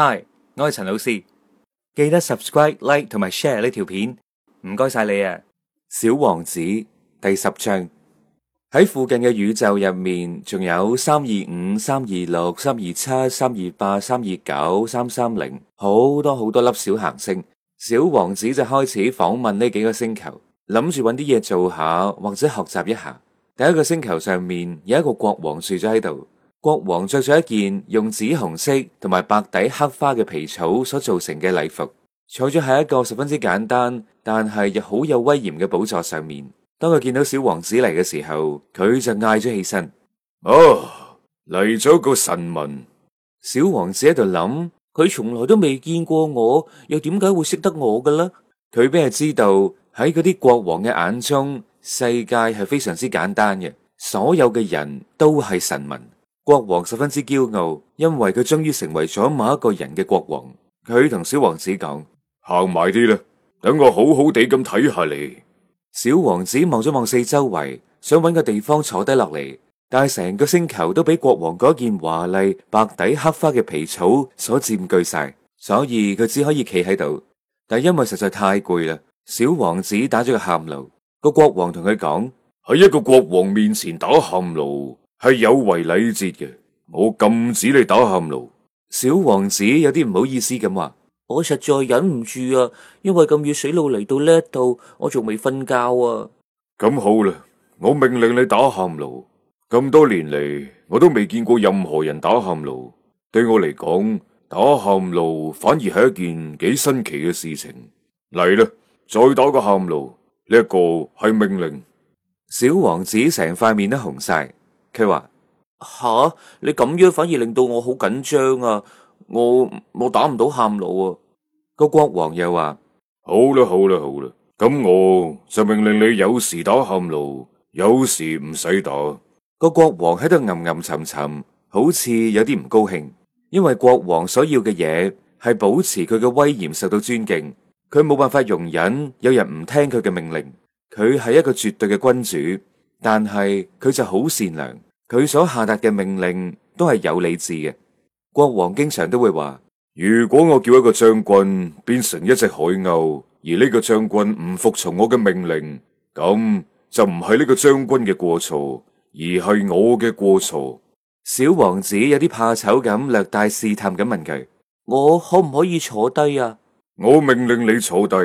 Hi，我係陳老 C，記得 subscribe、like 同埋 share 呢條片，唔該晒你啊！小王子第十章，喺附近嘅宇宙入面，仲有三二五、三二六、三二七、三二八、三二九、三三零，好多好多粒小行星。小王子就開始訪問呢幾個星球，諗住揾啲嘢做下，或者學習一下。第一個星球上面有一個國王住咗喺度。國王着咗一件用紫紅色同埋白底黑花嘅皮草所做成嘅禮服，坐咗喺一個十分之簡單，但係又好有威嚴嘅寶座上面。當佢見到小王子嚟嘅時候，佢就嗌咗起身：哦，嚟咗個臣民！小王子喺度諗，佢從來都未見過我，又點解會識得我嘅咧？佢邊係知道喺嗰啲國王嘅眼中，世界係非常之簡單嘅，所有嘅人都係臣民。國王十分之驕傲，因為佢終於成為咗某一個人嘅國王。佢同小王子講：行埋啲啦，等我好好地咁睇下你。小王子望咗望四周圍，想搵個地方坐低落嚟，但係成個星球都俾國王嗰件華麗白底黑花嘅皮草所佔據晒，所以佢只可以企喺度。但因為實在太攰啦，小王子打咗個喊路。個國王同佢講：喺一個國王面前打喊路。」係有違禮節嘅，我禁止你打喊路。小王子有啲唔好意思咁話，我實在忍唔住啊，因為咁遠水路嚟到呢一度，我仲未瞓覺啊。咁好啦，我命令你打喊路。咁多年嚟，我都未見過任何人打喊路。對我嚟講，打喊路反而係一件幾新奇嘅事情。嚟啦，再打個喊路。呢一個係命令。小王子成塊面都紅晒。佢話吓，你咁樣反而令到我好緊張啊！我我打唔到喊路啊！個國王又話：好啦好啦好啦，咁我就命令你有時打喊路，有時唔使打。個國王喺度吟吟沉沉，好似有啲唔高興，因為國王所要嘅嘢係保持佢嘅威嚴受到尊敬，佢冇辦法容忍有人唔聽佢嘅命令，佢係一個絕對嘅君主。但係佢就好善良，佢所下達嘅命令都係有理智嘅。國王經常都會話：如果我叫一個將軍變成一隻海鷗，而呢個將軍唔服從我嘅命令，咁就唔係呢個將軍嘅過錯，而係我嘅過錯。小王子有啲怕醜咁，略帶試探咁問佢：我可唔可以坐低啊？我命令你坐低。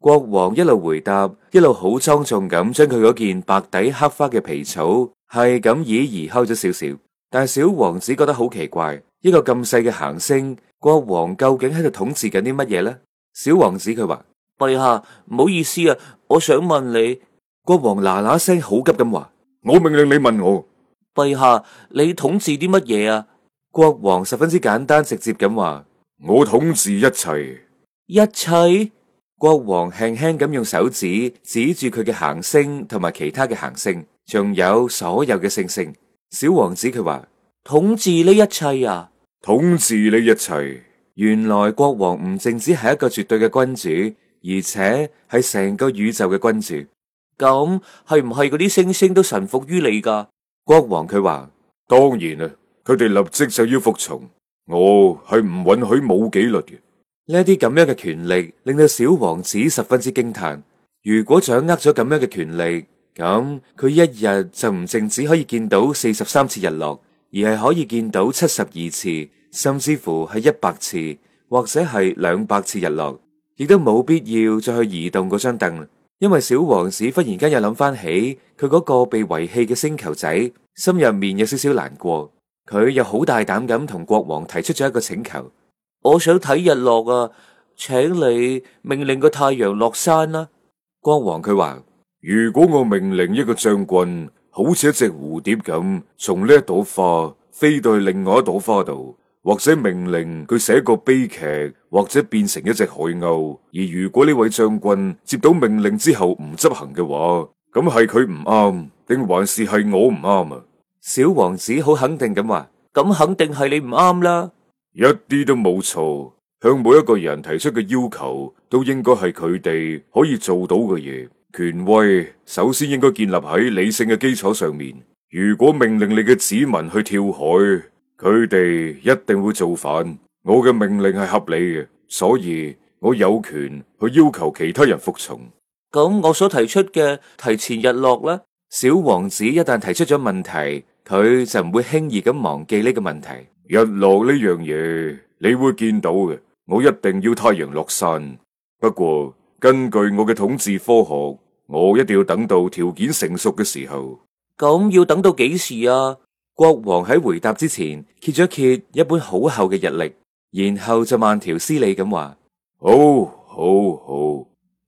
國王一路回答，一路好莊重咁將佢嗰件白底黑花嘅皮草係咁以而摳咗少少。但小王子覺得好奇怪，一個咁細嘅行星，國王究竟喺度統治緊啲乜嘢呢？小王子佢話：陛下唔好意思啊，我想問你。國王嗱嗱聲好急咁話：我命令你問我，陛下你統治啲乜嘢啊？國王十分之簡單直接咁話：我統治一切，一切。國王輕輕咁用手指指住佢嘅行星，同埋其他嘅行星，仲有所有嘅星星。小王子佢話統治呢一切啊，統治呢一切。原來國王唔淨止係一個絕對嘅君主，而且係成個宇宙嘅君主。咁係唔係嗰啲星星都臣服於你噶？國王佢話當然啦，佢哋立即就要服從。我係唔允許冇紀律嘅。呢啲咁樣嘅權力，令到小王子十分之驚嘆。如果掌握咗咁樣嘅權力，咁佢一日就唔淨只可以見到四十三次日落，而係可以見到七十二次，甚至乎係一百次或者係兩百次日落，亦都冇必要再去移動嗰張凳。因為小王子忽然間又諗翻起佢嗰個被遺棄嘅星球仔，心入面有少少難過。佢又好大膽咁同國王提出咗一個請求。我想睇日落啊，請你命令個太陽落山啦啊。國王佢話：如果我命令一個將軍，好似一隻蝴蝶咁，從呢一朵花飛到另外一朵花度，或者命令佢寫個悲劇，或者變成一隻海鷗。而如果呢位將軍接到命令之後唔執行嘅話，咁係佢唔啱，定還是係我唔啱啊？小王子好肯定咁話：咁肯定係你唔啱啦。一啲都冇錯，向每一個人提出嘅要求都應該係佢哋可以做到嘅嘢。權威首先應該建立喺理性嘅基礎上面。如果命令你嘅子民去跳海，佢哋一定會造反。我嘅命令係合理嘅，所以我有權去要求其他人服從。咁我所提出嘅提前日落呢，小王子一旦提出咗問題，佢就唔會輕易咁忘記呢個問題。日落呢樣嘢你會見到嘅，我一定要太陽落山。不過根據我嘅統治科學，我一定要等到條件成熟嘅時候。咁要等到幾時啊？國王喺回答之前揭咗揭一本好厚嘅日曆，然後就慢條斯理咁話：好，好，好，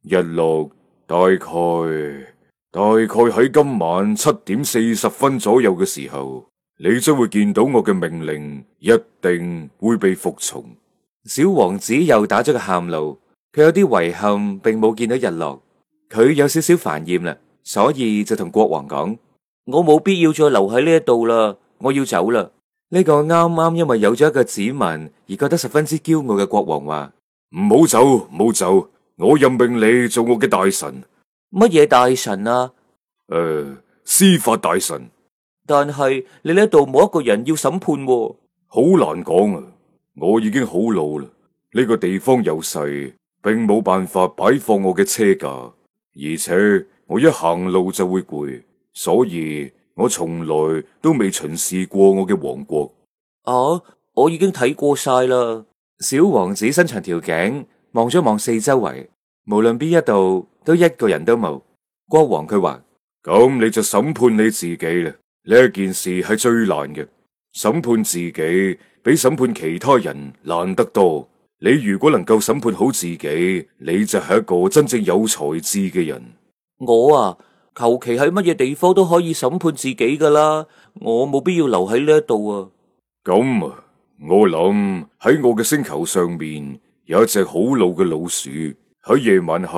日落大概大概喺今晚七點四十分左右嘅時候。你將會見到我嘅命令，一定會被服從。小王子又打咗個喊路，佢有啲遺憾，並冇見到日落。佢有少少煩厭啦，所以就同國王講：我冇必要再留喺呢一度啦，我要走啦。呢個啱啱因為有咗一個子民而覺得十分之驕傲嘅國王話：唔好走，唔好走，我任命你做我嘅大臣。乜嘢大臣啊？誒、呃，司法大臣。但係你呢度冇一個人要審判喎，好難講啊。我已經好老啦，呢個地方又細，並冇辦法擺放我嘅車架，而且我一行路就會攰，所以我從來都未巡視過我嘅王國啊。我已經睇過晒啦。小王子伸長條頸望咗望四周圍，無論邊一度都一個人都冇。國王佢話，咁你就審判你自己啦。呢件事係最難嘅，審判自己比審判其他人難得多。你如果能夠審判好自己，你就係一個真正有才智嘅人。我啊，求其喺乜嘢地方都可以審判自己噶啦。我冇必要留喺呢一度啊。咁啊，我諗喺我嘅星球上面有一隻好老嘅老鼠，喺夜晚下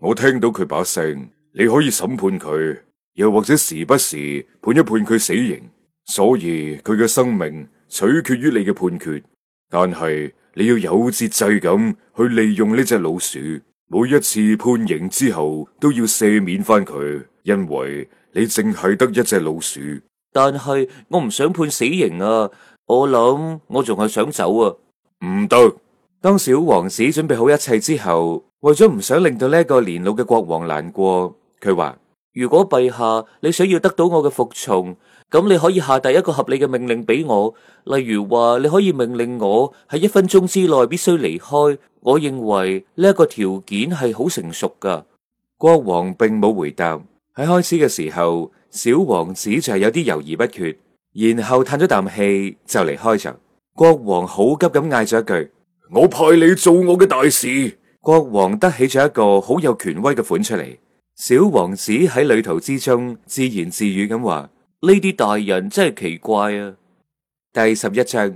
我聽到佢把聲，你可以審判佢。又或者時不時判一判佢死刑，所以佢嘅生命取決於你嘅判決。但係你要有節制咁去利用呢隻老鼠，每一次判刑之後都要赦免翻佢，因為你淨係得一隻老鼠。但係我唔想判死刑啊！我諗我仲係想走啊！唔得。當小王子準備好一切之後，為咗唔想令到呢個年老嘅國王難過，佢話。如果陛下你想要得到我嘅服從，咁你可以下達一個合理嘅命令俾我，例如話你可以命令我喺一分鐘之內必須離開。我認為呢一個條件係好成熟噶。國王並冇回答。喺開始嘅時候，小王子就係有啲猶豫不決，然後嘆咗啖氣就離開咗。國王好急咁嗌咗一句：我派你做我嘅大使。國王得起咗一個好有權威嘅款出嚟。小王子喺旅途之中自言自語咁話：呢啲大人真係奇怪啊。第十一章，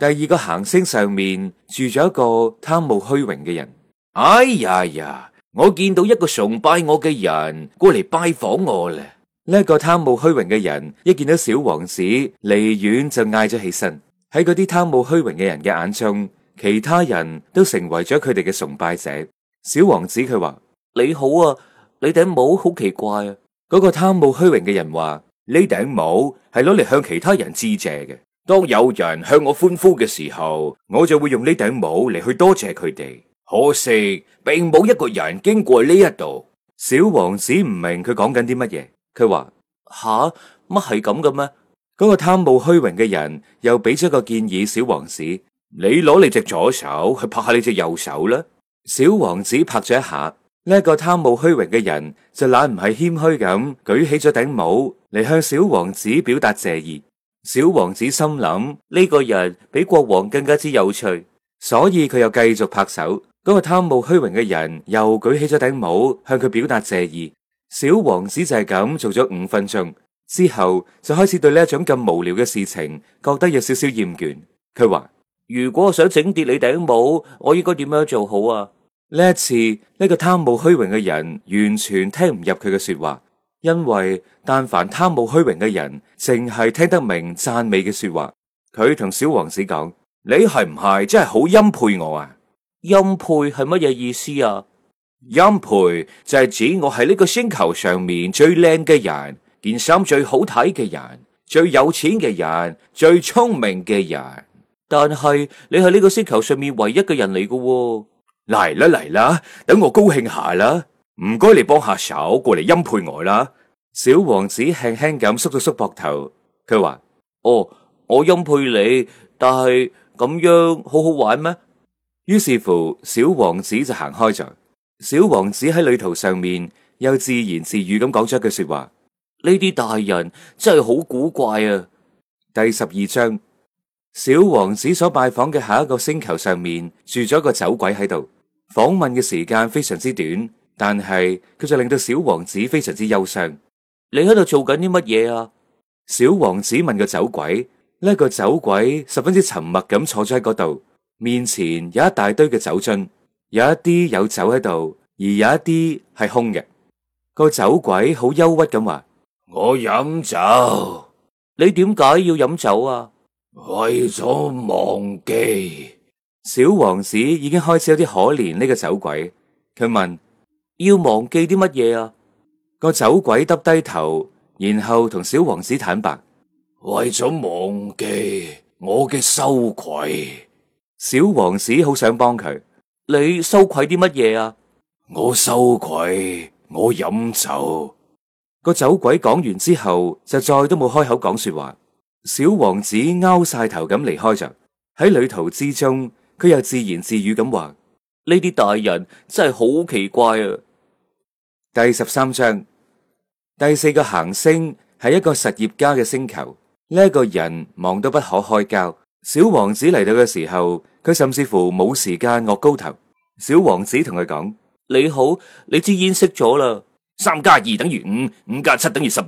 第二個行星上面住咗一個貪慕虛榮嘅人。哎呀呀！我見到一個崇拜我嘅人過嚟拜訪我啦。呢個貪慕虛榮嘅人一見到小王子離遠就嗌咗起身。喺嗰啲貪慕虛榮嘅人嘅眼中，其他人都成為咗佢哋嘅崇拜者。小王子佢話你好啊。你頂帽好奇怪啊！嗰個貪慕虛榮嘅人話：呢頂帽係攞嚟向其他人致謝嘅。當有人向我歡呼嘅時候，我就會用呢頂帽嚟去多謝佢哋。可惜並冇一個人經過呢一度。小王子唔明佢講緊啲乜嘢，佢話吓，乜係咁嘅咩？嗰個貪慕虛榮嘅人又俾咗一個建議：小王子，你攞你隻左手去拍下你隻右手啦。小王子拍咗一下。呢個貪慕虛榮嘅人就懶唔係謙虛咁舉起咗頂帽嚟向小王子表達謝意。小王子心諗呢個人比國王更加之有趣，所以佢又繼續拍手。嗰個貪慕虛榮嘅人又舉起咗頂帽向佢表達謝意。小王子就係咁做咗五分鐘之後，就開始對呢一種咁無聊嘅事情覺得有少少厭倦。佢話：如果我想整跌你頂帽，我應該點樣做好啊？呢一次呢個貪慕虛榮嘅人完全聽唔入佢嘅說話，因為但凡貪慕虛榮嘅人，淨係聽得明讚美嘅說話。佢同小王子講：你係唔係真係好欽佩我啊？欽佩係乜嘢意思啊？欽佩就係指我係呢個星球上面最靚嘅人，件衫最好睇嘅人，最有錢嘅人，最聰明嘅人。但係你係呢個星球上面唯一嘅人嚟㗎。嚟啦嚟啦，等我高興下啦！唔該，你幫下手過嚟欽佩我啦。小王子輕輕咁縮咗縮膊頭，佢話：哦，我欽佩你，但係咁樣好好玩咩？於是乎，小王子就行開咗。小王子喺旅途上面又自言自語咁講咗句說話：呢啲大人真係好古怪啊！第十二章，小王子所拜訪嘅下一個星球上面住咗個酒鬼喺度。訪問嘅時間非常之短，但係佢就令到小王子非常之憂傷。你喺度做緊啲乜嘢啊？小王子問個酒鬼，呢一個酒鬼十分之沉默咁坐咗喺嗰度，面前有一大堆嘅酒樽，有一啲有酒喺度，而有一啲係空嘅。個酒鬼好憂鬱咁話：我飲酒，你點解要飲酒啊？為咗忘記。小王子已經開始有啲可憐呢個酒鬼，佢問：要忘記啲乜嘢啊？個酒鬼耷低頭，然後同小王子坦白：為咗忘記我嘅羞愧。小王子好想幫佢，你羞愧啲乜嘢啊？我羞愧，我飲酒。個酒鬼講完之後，就再都冇開口講說話。小王子勾晒頭咁離開着，喺旅途之中，佢又自言自語咁話：呢啲大人真係好奇怪啊！第十三章，第四個行星係一個實業家嘅星球。呢一個人忙到不可開交。小王子嚟到嘅時候，佢甚至乎冇時間惡高頭。小王子同佢講：你好，你支煙熄咗啦。三加二等於五，五加七等於十二，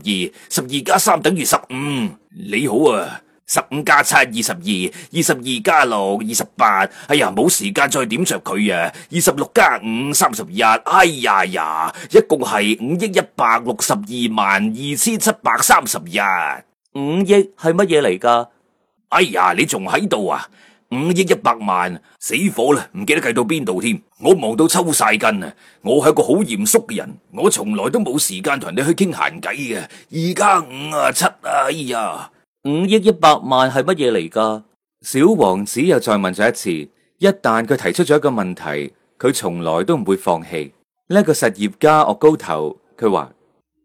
十二加三等於十五。12, 12 15，你好啊！十五加七，二十二；二十二加六，二十八。哎呀，冇時間再點着佢啊！二十六加五，三十一。哎呀呀，一共係五億一百六十二萬二千七百三十一。五億係乜嘢嚟㗎？哎呀，你仲喺度啊？五億一百萬，死火啦！唔記得計到邊度添？我忙到抽晒筋啊！我係一個好嚴肅嘅人，我從來都冇時間同你去傾閒偈嘅。二加五啊，七啊，哎呀！五億一百萬係乜嘢嚟噶小王子又再問咗一次。一旦佢提出咗一個問題，佢從來都唔會放棄。呢、這、一個實業家惡高頭，佢話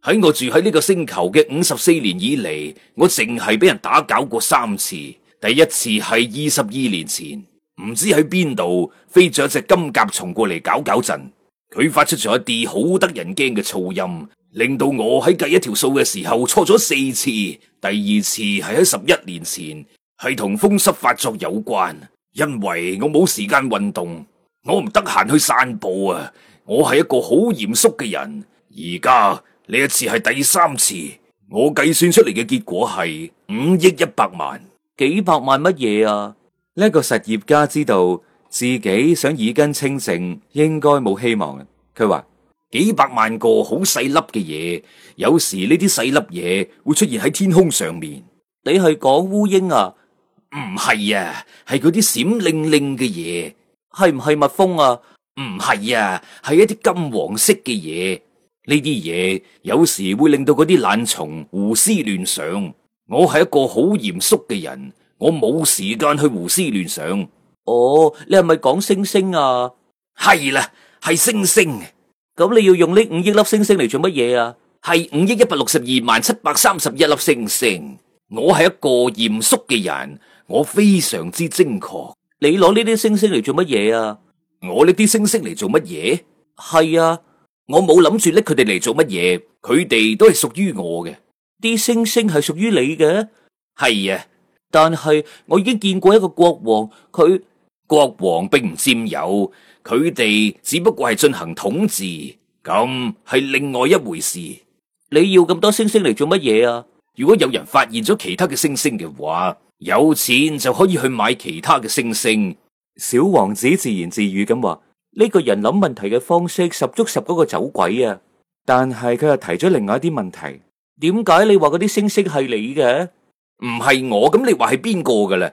喺我住喺呢個星球嘅五十四年以嚟，我淨係俾人打攪過三次。第一次係二十二年前，唔知喺邊度飛咗隻金甲蟲過嚟搞搞震。」佢發出咗一啲好得人驚嘅噪音。令到我喺計一條數嘅時候錯咗四次，第二次係喺十一年前，係同風濕發作有關，因為我冇時間運動，我唔得閒去散步啊！我係一個好嚴肅嘅人，而家呢一次係第三次，我計算出嚟嘅結果係五億一百萬幾百萬乜嘢啊？呢個實業家知道自己想耳根清淨應該冇希望啊，佢話。幾百萬個好細粒嘅嘢，有時呢啲細粒嘢會出現喺天空上面。你係講烏蠅啊？唔係呀，係嗰啲閃令令嘅嘢。係唔係蜜蜂啊？唔係呀，係一啲金黃色嘅嘢。呢啲嘢有時會令到嗰啲懶蟲胡思亂想。我係一個好嚴肅嘅人，我冇時間去胡思亂想。哦，你係咪講星星啊？係啦，係星星。咁你要用呢五億粒星星嚟做乜嘢啊？係五億一百六十二萬七百三十一粒星星。我係一個嚴肅嘅人，我非常之精確。你攞呢啲星星嚟做乜嘢啊？我呢啲星星嚟做乜嘢？係啊，我冇諗住拎佢哋嚟做乜嘢，佢哋都係屬於我嘅。啲星星係屬於你嘅？係啊。但係我已經見過一個國王，佢。國王並唔佔有佢哋，只不過係進行統治，咁係另外一回事。你要咁多星星嚟做乜嘢啊？如果有人發現咗其他嘅星星嘅話，有錢就可以去買其他嘅星星。小王子自言自語咁話：呢個人諗問題嘅方式十足十嗰個走鬼啊！但係佢又提咗另外一啲問題：點解你話嗰啲星星係你嘅？唔係我咁，你話係邊個㗎呢？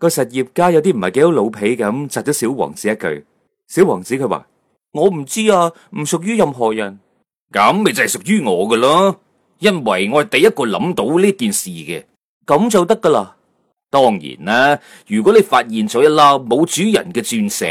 個實業家有啲唔係幾好老皮咁，窒咗小王子一句。小王子佢話：我唔知啊，唔屬於任何人。咁咪就係屬於我噶咯，因為我係第一個諗到呢件事嘅。咁就得噶啦。當然啦，如果你發現咗一粒冇主人嘅鑽石，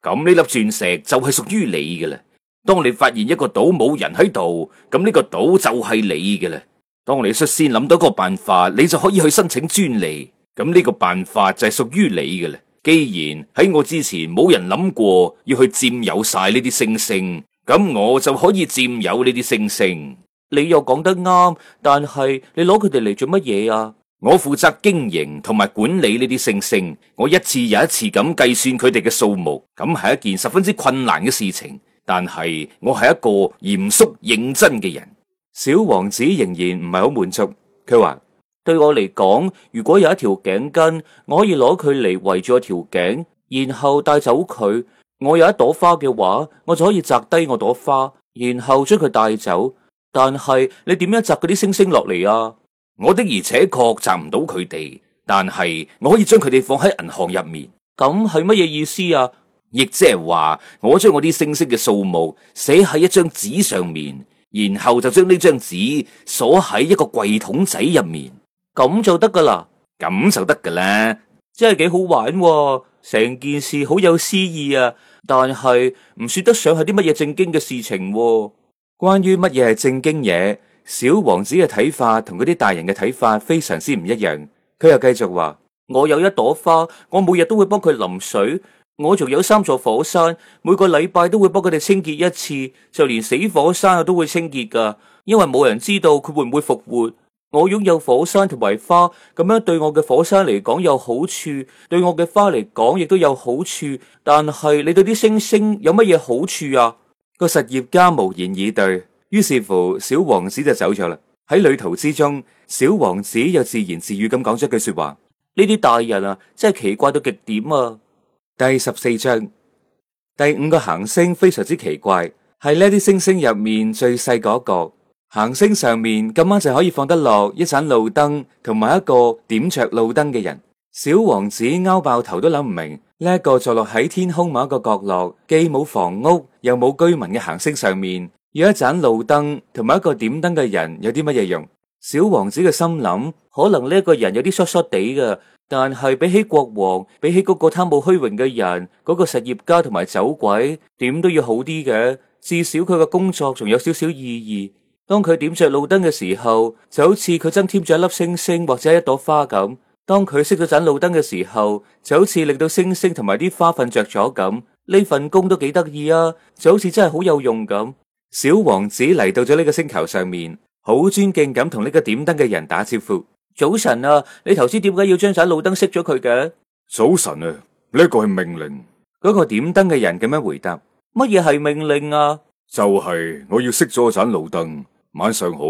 咁呢粒鑽石就係屬於你噶啦。當你發現一個島冇人喺度，咁呢個島就係你噶啦。當你率先諗到個辦法，你就可以去申請專利。咁呢個辦法就係屬於你嘅啦。既然喺我之前冇人諗過要去佔有晒呢啲星星，咁我就可以佔有呢啲星星。你又講得啱，但係你攞佢哋嚟做乜嘢啊？我負責經營同埋管理呢啲星星，我一次又一次咁計算佢哋嘅數目，咁係一件十分之困難嘅事情。但係我係一個嚴肅認真嘅人。小王子仍然唔係好滿足，佢話。對我嚟講，如果有一條頸巾，我可以攞佢嚟圍住一條頸，然後帶走佢。我有一朵花嘅話，我就可以摘低我朵花，然後將佢帶走。但係你點樣摘嗰啲星星落嚟啊？我的而且確摘唔到佢哋，但係我可以將佢哋放喺銀行入面。咁係乜嘢意思啊？亦即係話我將我啲星星嘅數目寫喺一張紙上面，然後就將呢張紙鎖喺一個櫃桶仔入面。咁就得噶啦，咁就得噶啦，真係幾好玩，成件事好有詩意啊！但係唔算得上係啲乜嘢正經嘅事情。關於乜嘢係正經嘢，小王子嘅睇法同嗰啲大人嘅睇法非常之唔一樣。佢又繼續話：我有一朵花，我每日都會幫佢淋水，我仲有三座火山，每個禮拜都會幫佢哋清潔一次，就連死火山我都會清潔噶，因為冇人知道佢會唔會復活。我擁有火山同埋花，咁樣對我嘅火山嚟講有好處，對我嘅花嚟講亦都有好處。但係你對啲星星有乜嘢好處啊？個實業家無言以對，於是乎小王子就走咗啦。喺旅途之中，小王子又自言自語咁講咗句說話：呢啲大人啊，真係奇怪到極點啊！第十四章，第五個行星非常之奇怪，係呢啲星星入面最細嗰個。行星上面今晚就可以放得落一盞路燈，同埋一個點着路燈嘅人。小王子勾爆頭都諗唔明呢一個坐落喺天空某一個角落，既冇房屋又冇居民嘅行星上面，有一盞路燈同埋一個點燈嘅人有啲乜嘢用？小王子嘅心諗，可能呢個人有啲疏疏哋嘅，但係比起國王，比起嗰個貪慕虛榮嘅人，嗰個實業家同埋走鬼，點都要好啲嘅。至少佢嘅工作仲有少少意義。當佢點着路燈嘅時候，就好似佢增添咗一粒星星或者一朵花咁。當佢熄咗盞路燈嘅時候，就好似令到星星同埋啲花瞓着咗咁。呢份工都幾得意啊，就好似真係好有用咁。小王子嚟到咗呢個星球上面，好尊敬咁同呢個點燈嘅人打招呼。早晨啊，你頭先點解要將盞路燈熄咗佢嘅？早晨啊，呢個係命令。嗰個點燈嘅人咁樣回答：乜嘢係命令啊？就係我要熄咗盞路燈。晚上好，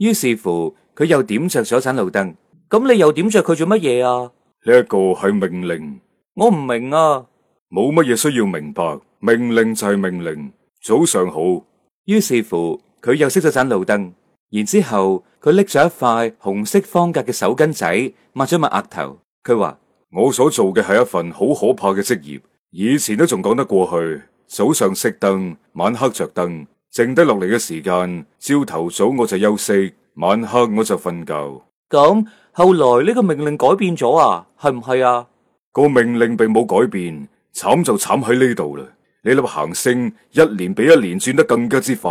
於是乎佢又點着咗盞路燈。咁你又點着佢做乜嘢啊？呢一個係命令，我唔明啊。冇乜嘢需要明白，命令就係命令。早上好，於是乎佢又熄咗盞路燈。然之後佢拎咗一塊紅色方格嘅手巾仔，抹咗抹額頭。佢話：我所做嘅係一份好可怕嘅職業，以前都仲講得過去。早上熄燈，晚黑着燈。剩低落嚟嘅時間，朝頭早我就休息，晚黑我就瞓覺。咁後來呢個命令改變咗啊？係唔係啊？個命令並冇改變，慘就慘喺呢度啦。呢粒行星一年比一年轉得更加之快，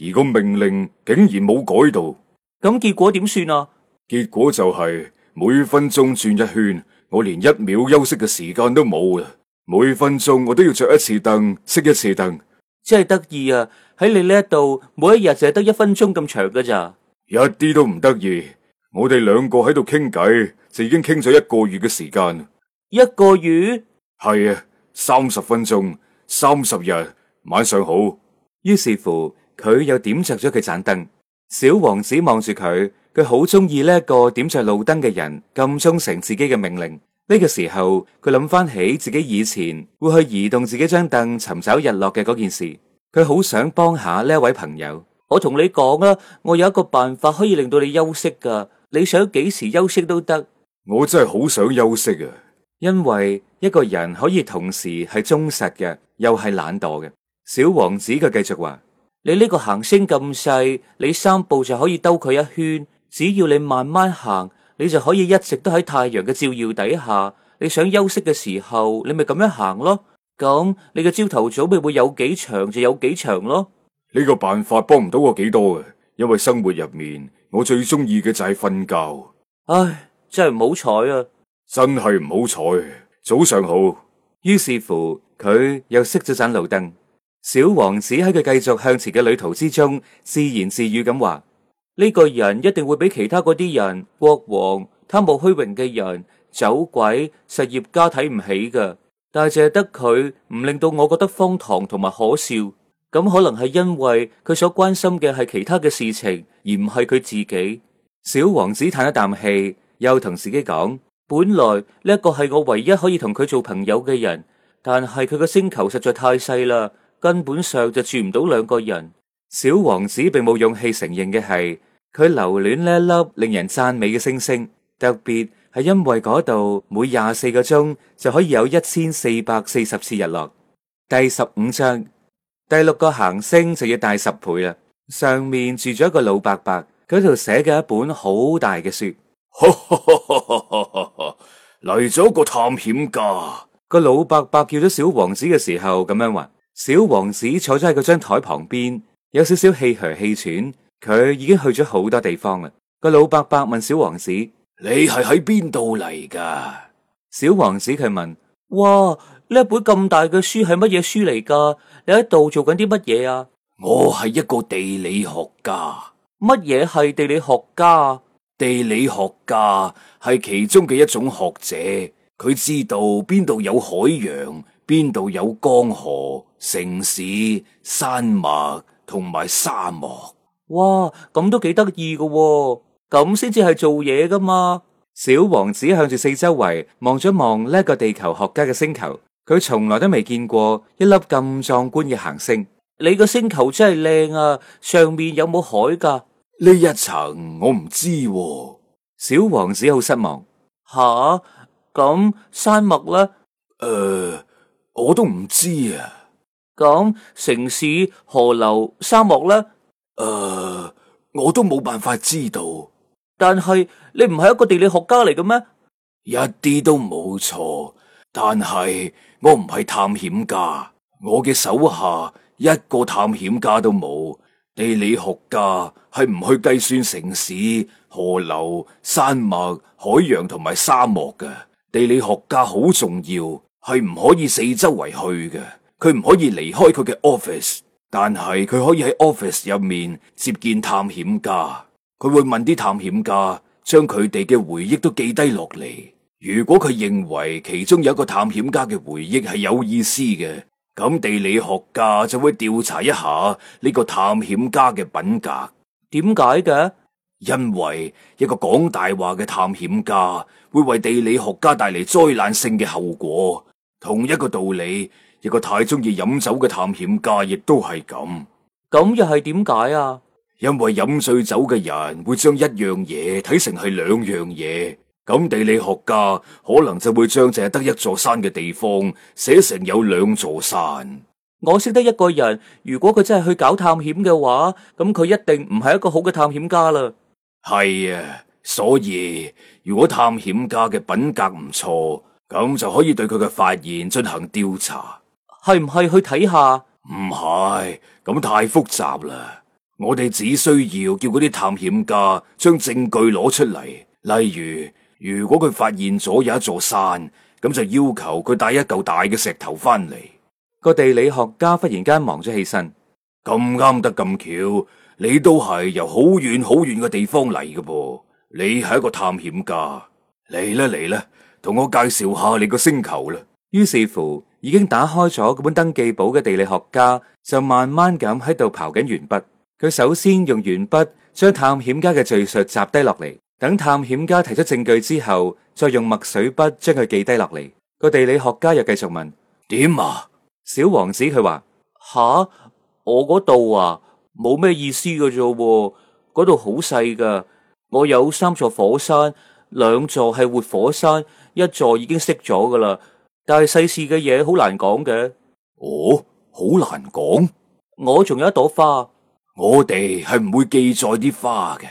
而個命令竟然冇改到。咁結果點算啊？結果就係每分鐘轉一圈，我連一秒休息嘅時間都冇啊！每分鐘我都要着一次燈，熄一次燈。真係得意啊！喺你呢度，每一日就係得一分鐘咁長噶咋，一啲都唔得意。我哋兩個喺度傾偈，就已經傾咗一個月嘅時間。一個月？係啊，三十分鐘，三十日。晚上好。於是乎，佢又點着咗佢盞燈。小王子望住佢，佢好中意呢一個點着路燈嘅人，咁忠誠自己嘅命令。呢個時候，佢諗翻起自己以前會去移動自己張凳尋找日落嘅嗰件事，佢好想幫下呢位朋友。我同你講啦，我有一個辦法可以令到你休息噶，你想幾時休息都得。我真係好想休息啊！因為一個人可以同時係忠實嘅，又係懶惰嘅。小王子佢繼續話：你呢個行星咁細，你三步就可以兜佢一圈，只要你慢慢行。你就可以一直都喺太陽嘅照耀底下，你想休息嘅時候，你咪咁樣行咯。咁你嘅朝頭早咪會有幾長就有幾長咯。呢個辦法幫唔到我幾多嘅，因為生活入面我最中意嘅就係瞓覺。唉，真係唔好彩啊！真係唔好彩。早上好。於是乎，佢又熄咗盞路燈。小王子喺佢繼續向前嘅旅途之中，自言自語咁話。呢個人一定會俾其他嗰啲人、國王、貪慕虛榮嘅人、走鬼、實業家睇唔起㗎。但係淨係得佢唔令到我覺得荒唐同埋可笑，咁可能係因為佢所關心嘅係其他嘅事情，而唔係佢自己。小王子嘆一啖氣，又同自己講：本來呢一個係我唯一可以同佢做朋友嘅人，但係佢嘅星球實在太細啦，根本上就住唔到兩個人。小王子並冇勇氣承認嘅係，佢留戀呢粒令人讚美嘅星星，特別係因為嗰度每廿四個鐘就可以有一千四百四十次日落。第十五章，第六個行星就要大十倍啦。上面住咗一個老伯伯，佢喺度寫嘅一本好大嘅書。嚟咗 個探險家，個老伯伯叫咗小王子嘅時候咁樣話，小王子坐咗喺個張台旁邊。有少少氣噓氣喘，佢已經去咗好多地方啦。個老伯伯問小王子，你係喺邊度嚟噶？小王子佢問，哇，呢一本咁大嘅書係乜嘢書嚟噶？你喺度做緊啲乜嘢啊？我係一個地理學家。乜嘢係地理學家？地理學家係其中嘅一種學者，佢知道邊度有海洋，邊度有江河、城市、山脈。同埋沙漠，哇！咁都幾得意噶，咁先至係做嘢噶嘛？小王子向住四周圍望咗望呢個地球學家嘅星球，佢從來都未見過一粒咁壯觀嘅行星。你個星球真係靚啊！上面有冇海噶？呢一層我唔知啊。小王子好失望。吓，咁山脈咧？誒、呃，我都唔知啊。咁城市、河流、沙漠啦，誒，uh, 我都冇辦法知道。但係你唔係一個地理學家嚟嘅咩？一啲都冇錯。但係我唔係探險家，我嘅手下一個探險家都冇。地理學家係唔去計算城市、河流、山脈、海洋同埋沙漠嘅。地理學家好重要，係唔可以四周圍去嘅。佢唔可以離開佢嘅 office，但係佢可以喺 office 入面接見探險家。佢會問啲探險家將佢哋嘅回憶都記低落嚟。如果佢認為其中有一個探險家嘅回憶係有意思嘅，咁地理學家就會調查一下呢個探險家嘅品格。點解㗎？因為一個講大話嘅探險家會為地理學家帶嚟災難性嘅後果。同一個道理。一個太中意飲酒嘅探險家亦都係咁，咁又係點解啊？因為飲醉酒嘅人會將一樣嘢睇成係兩樣嘢，咁地理學家可能就會將淨係得一座山嘅地方寫成有兩座山。我識得一個人，如果佢真係去搞探險嘅話，咁佢一定唔係一個好嘅探險家啦。係啊，所以如果探險家嘅品格唔錯，咁就可以對佢嘅發現進行調查。係唔係去睇下？唔係，咁太複雜啦。我哋只需要叫嗰啲探險家將證據攞出嚟。例如，如果佢發現咗有一座山，咁就要求佢帶一嚿大嘅石頭翻嚟。個地理學家忽然間忙咗起身。咁啱得咁巧，你都係由好遠好遠嘅地方嚟嘅噃。你係一個探險家，嚟啦嚟啦，同我介紹下你個星球啦。於是乎。已經打開咗本登記簿嘅地理學家就慢慢咁喺度刨緊鉛筆。佢首先用鉛筆將探險家嘅敘述集低落嚟，等探險家提出證據之後，再用墨水筆將佢記低落嚟。個地理學家又繼續問：點啊？小王子佢話吓我嗰度啊，冇咩意思嘅啫。嗰度好細噶，我有三座火山，兩座係活火山，一座已經熄咗噶啦。但係世事嘅嘢好難講嘅。哦，好難講。我仲有一朵花。我哋係唔會記載啲花嘅。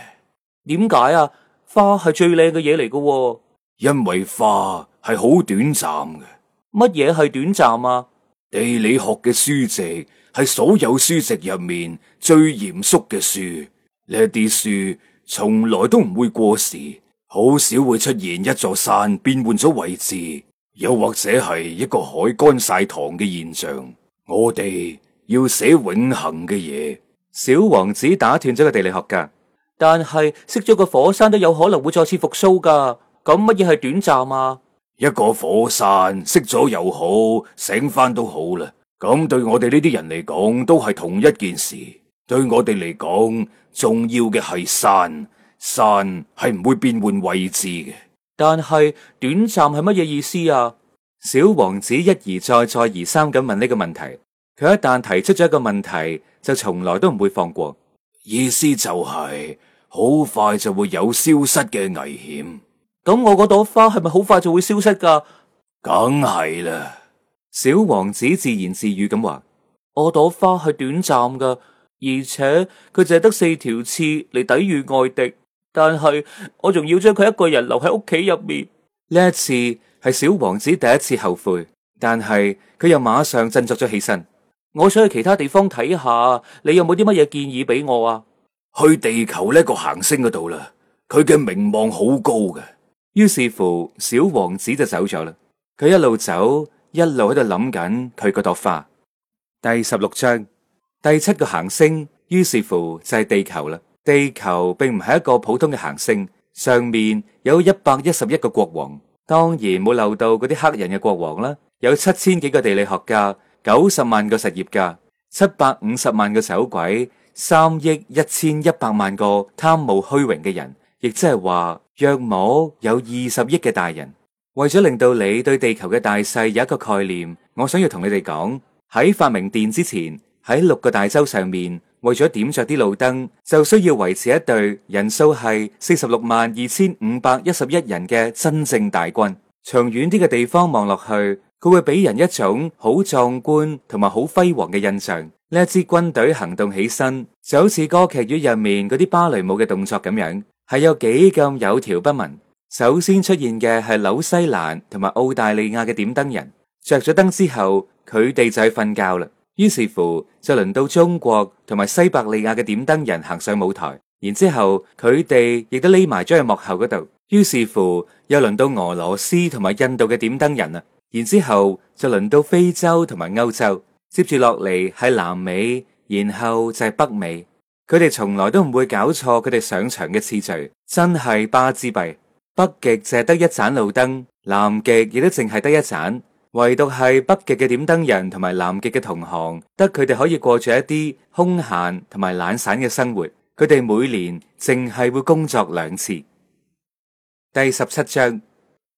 點解啊？花係最靚嘅嘢嚟㗎。因為花係好短暫嘅。乜嘢係短暫啊？地理學嘅書籍係所有書籍入面最嚴肅嘅書。呢啲書從來都唔會過時，好少會出現一座山變換咗位置。又或者係一個海乾晒塘嘅現象，我哋要寫永恒嘅嘢。小王子打斷咗個地理學家，但係熄咗個火山都有可能會再次復蘇噶。咁乜嘢係短暫啊？一個火山熄咗又好，醒返都好啦。咁對我哋呢啲人嚟講，都係同一件事。對我哋嚟講，重要嘅係山，山係唔會變換位置嘅。但係短暫係乜嘢意思啊？小王子一而再、再而三咁問呢個問題。佢一旦提出咗一個問題，就從來都唔會放過。意思就係好快就會有消失嘅危險。咁我嗰朵花係咪好快就會消失噶？梗係啦。小王子自言自語咁話：我朵花係短暫噶，而且佢淨係得四條刺嚟抵禦外敵。但係我仲要將佢一個人留喺屋企入面。呢一次係小王子第一次後悔，但係佢又馬上振作咗起身。我想去其他地方睇下，你有冇啲乜嘢建議俾我啊？去地球呢個行星嗰度啦，佢嘅名望好高㗎。於是乎，小王子就走咗啦。佢一路走，一路喺度諗緊佢嗰朵花。第十六章，第七個行星，於是乎就係地球啦。地球並唔係一個普通嘅行星，上面有一百一十一個國王，當然冇漏到嗰啲黑人嘅國王啦。有七千幾個地理學家，九十萬個實業家，七百五十萬個走鬼，三億一千一百萬個貪慕虛榮嘅人，亦即係話，約莫有二十億嘅大人。為咗令到你對地球嘅大細有一個概念，我想要同你哋講喺發明電之前，喺六個大洲上面，為咗點著啲路燈，就需要維持一隊人數係四十六萬二千五百一十一人嘅真正大軍。長遠啲嘅地方望落去，佢會俾人一種好壯觀同埋好輝煌嘅印象。呢支軍隊行動起身，就好似歌劇院入面嗰啲芭蕾舞嘅動作咁樣，係有幾咁有條不紊。首先出現嘅係紐西蘭同埋澳大利亞嘅點燈人，著咗燈之後，佢哋就去瞓覺啦。於是乎，就輪到中國同埋西伯利亞嘅點燈人行上舞台，然之後佢哋亦都匿埋咗喺幕後嗰度。於是乎，又輪到俄羅斯同埋印度嘅點燈人啊，然之後就輪到非洲同埋歐洲，接住落嚟係南美，然後就係北美。佢哋從來都唔會搞錯佢哋上場嘅次序，真係巴之閉。北極淨係得一盞路燈，南極亦都淨係得一盞。唯獨係北極嘅點燈人同埋南極嘅同行，得佢哋可以過住一啲空閒同埋懶散嘅生活。佢哋每年淨係會工作兩次。第十七章，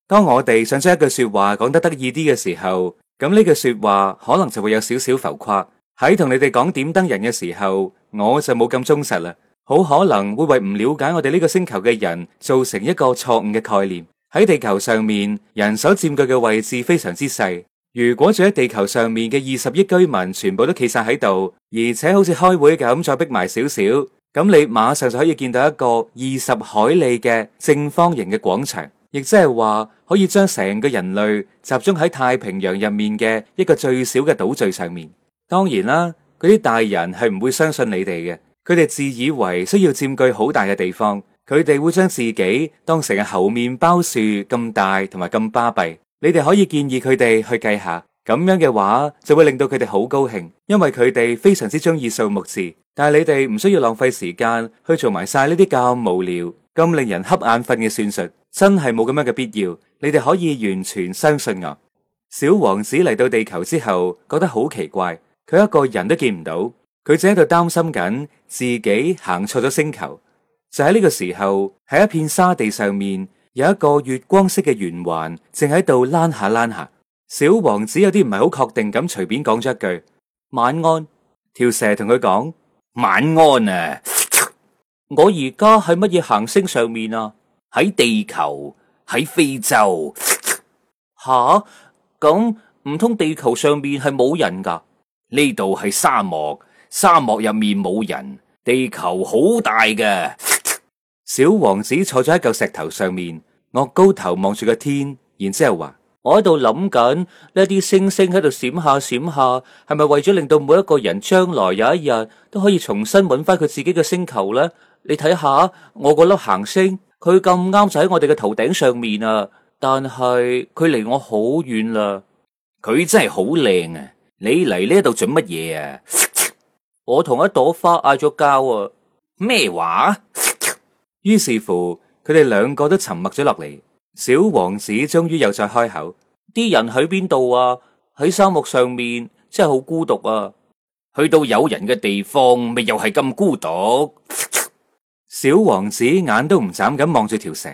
當我哋想將一句說話講得得意啲嘅時候，咁呢句說話可能就會有少少浮誇。喺同你哋講點燈人嘅時候，我就冇咁忠實啦，好可能會為唔了解我哋呢個星球嘅人造成一個錯誤嘅概念。喺地球上面，人所佔據嘅位置非常之細。如果住喺地球上面嘅二十億居民全部都企晒喺度，而且好似開會咁再逼埋少少，咁你馬上就可以見到一個二十海里嘅正方形嘅廣場，亦即係話可以將成個人類集中喺太平洋入面嘅一個最小嘅島嶼上面。當然啦，嗰啲大人係唔會相信你哋嘅，佢哋自以為需要佔據好大嘅地方。佢哋會將自己當成係猴麵包樹咁大，同埋咁巴閉。你哋可以建議佢哋去計下，咁樣嘅話就會令到佢哋好高興，因為佢哋非常之中意數目字。但係你哋唔需要浪費時間去做埋晒呢啲咁無聊、咁令人瞌眼瞓嘅算術，真係冇咁樣嘅必要。你哋可以完全相信我。小王子嚟到地球之後，覺得好奇怪，佢一個人都見唔到，佢正喺度擔心緊自己行錯咗星球。就喺呢個時候，喺一片沙地上面，有一個月光色嘅圓環，正喺度躝下躝下。小王子有啲唔係好確定咁，隨便講咗一句：晚安。條蛇同佢講：晚安啊！我而家喺乜嘢行星上面啊？喺地球，喺非洲。吓，咁唔通地球上面係冇人㗎？呢度係沙漠，沙漠入面冇人。地球好大嘅。小王子坐咗喺嚿石頭上面，我高頭望住個天，然之後話：我喺度諗緊呢啲星星喺度閃下閃下，係咪為咗令到每一個人將來有一日都可以重新揾翻佢自己嘅星球呢？你睇下我個粒行星，佢咁啱就喺我哋嘅頭頂上面啊，但係佢離我好遠啦。佢真係好靚啊！你嚟呢度做乜嘢啊？ 我同一朵花嗌咗交啊！咩話？於是乎，佢哋兩個都沉默咗落嚟。小王子終於又再開口：「啲人喺邊度啊？喺沙漠上面，真係好孤獨啊！去到有人嘅地方，咪又係咁孤獨。」小王子眼都唔眨咁望住條蛇，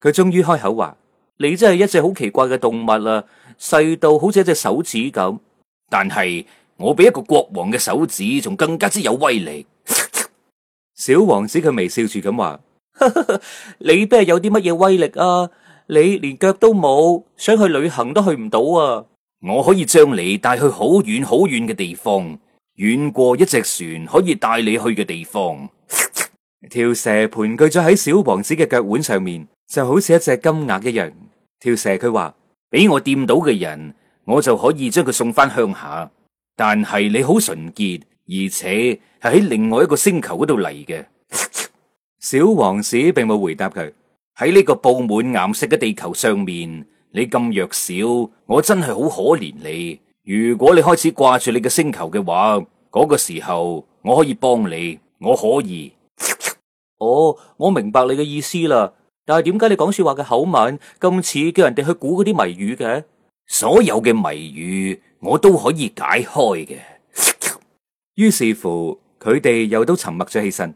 佢終於開口話：「你真係一隻好奇怪嘅動物啊！細到好似一隻手指咁，但係我比一個國王嘅手指仲更加之有威力。」小王子佢微笑住咁話。 你邊係有啲乜嘢威力啊？你連腳都冇，想去旅行都去唔到啊！我可以將你帶去好遠好遠嘅地方，遠過一隻船可以帶你去嘅地方。條 蛇盤踞咗喺小王子嘅腳腕上面，就好似一隻金鈪一樣。條蛇佢話：俾我掂到嘅人，我就可以將佢送翻鄉下。但係你好純潔，而且係喺另外一個星球嗰度嚟嘅。 小王子並冇回答佢。喺呢個布滿岩石嘅地球上面，你咁弱小，我真係好可憐你。如果你開始掛住你嘅星球嘅話，嗰個時候我可以幫你，我可以。哦，我明白你嘅意思啦，但係點解你講說話嘅口吻咁似叫人哋去估嗰啲謎語嘅？所有嘅謎語我都可以解開嘅。 於是乎，佢哋又都沉默咗起身。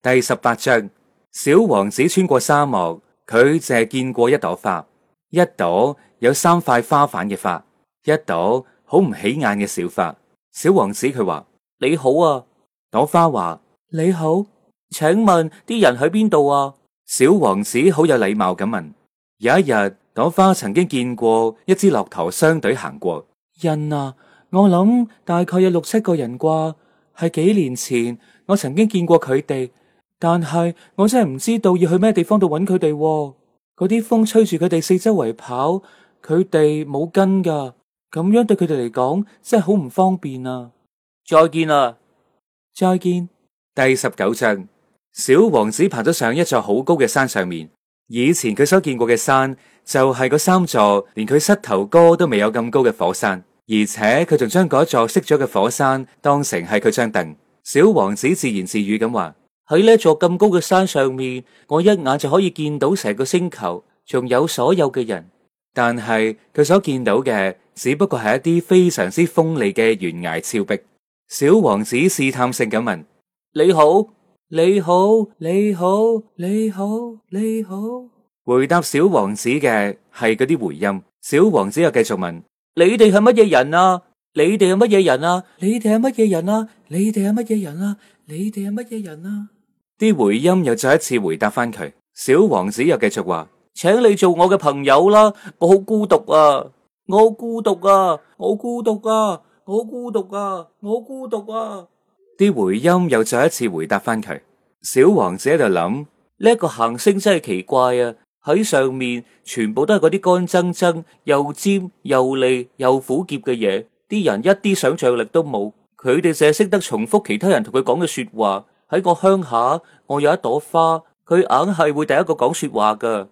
第十八章，小王子穿過沙漠，佢淨係見過一朵花，一朵有三塊花瓣嘅花，一朵好唔起眼嘅小花。小王子佢話，你好啊。朵花話，你好。請問啲人喺邊度啊？小王子好有禮貌咁問。有一日，朵花曾經見過一支駱駝商隊行過人啊，我諗大概有六七個人啩，係幾年前我曾經見過佢哋。但係我真係唔知道要去咩地方度揾佢哋。嗰啲風吹住佢哋四周圍跑，佢哋冇跟噶，咁樣對佢哋嚟講真係好唔方便啊！再見啦，再見。第十九章：小王子爬咗上一座好高嘅山上面。以前佢所見過嘅山就係嗰三座，連佢膝頭哥都未有咁高嘅火山。而且佢仲將嗰座熄咗嘅火山當成係佢張凳。小王子自言自語咁話。喺呢座咁高嘅山上面，我一眼就可以見到成個星球，仲有所有嘅人。但係佢所見到嘅只不過係一啲非常之鋒利嘅懸崖峭壁。小王子試探性咁問：你好，你好，你好，你好，你好，你好。回答小王子嘅係嗰啲回音。小王子又繼續問：你哋係乜嘢人啊？你哋係乜嘢人啊？你哋係乜嘢人啊？你哋係乜嘢人啊？你哋係乜嘢人啊？啲回音又再一次回答翻佢，小王子又繼續話：請你做我嘅朋友啦，我好孤獨啊，我好孤獨啊，我好孤獨啊，我好孤獨啊，我好孤獨啊！啲回音又再一次回答翻佢，小王子喺度諗：呢個行星真係奇怪啊！喺上面全部都係嗰啲乾爭爭、又尖又利又苦澀嘅嘢，啲人一啲想象力都冇，佢哋淨係識得重複其他人同佢講嘅說話。喺個鄉下，我有一朵花，佢硬係會第一個講說話噶。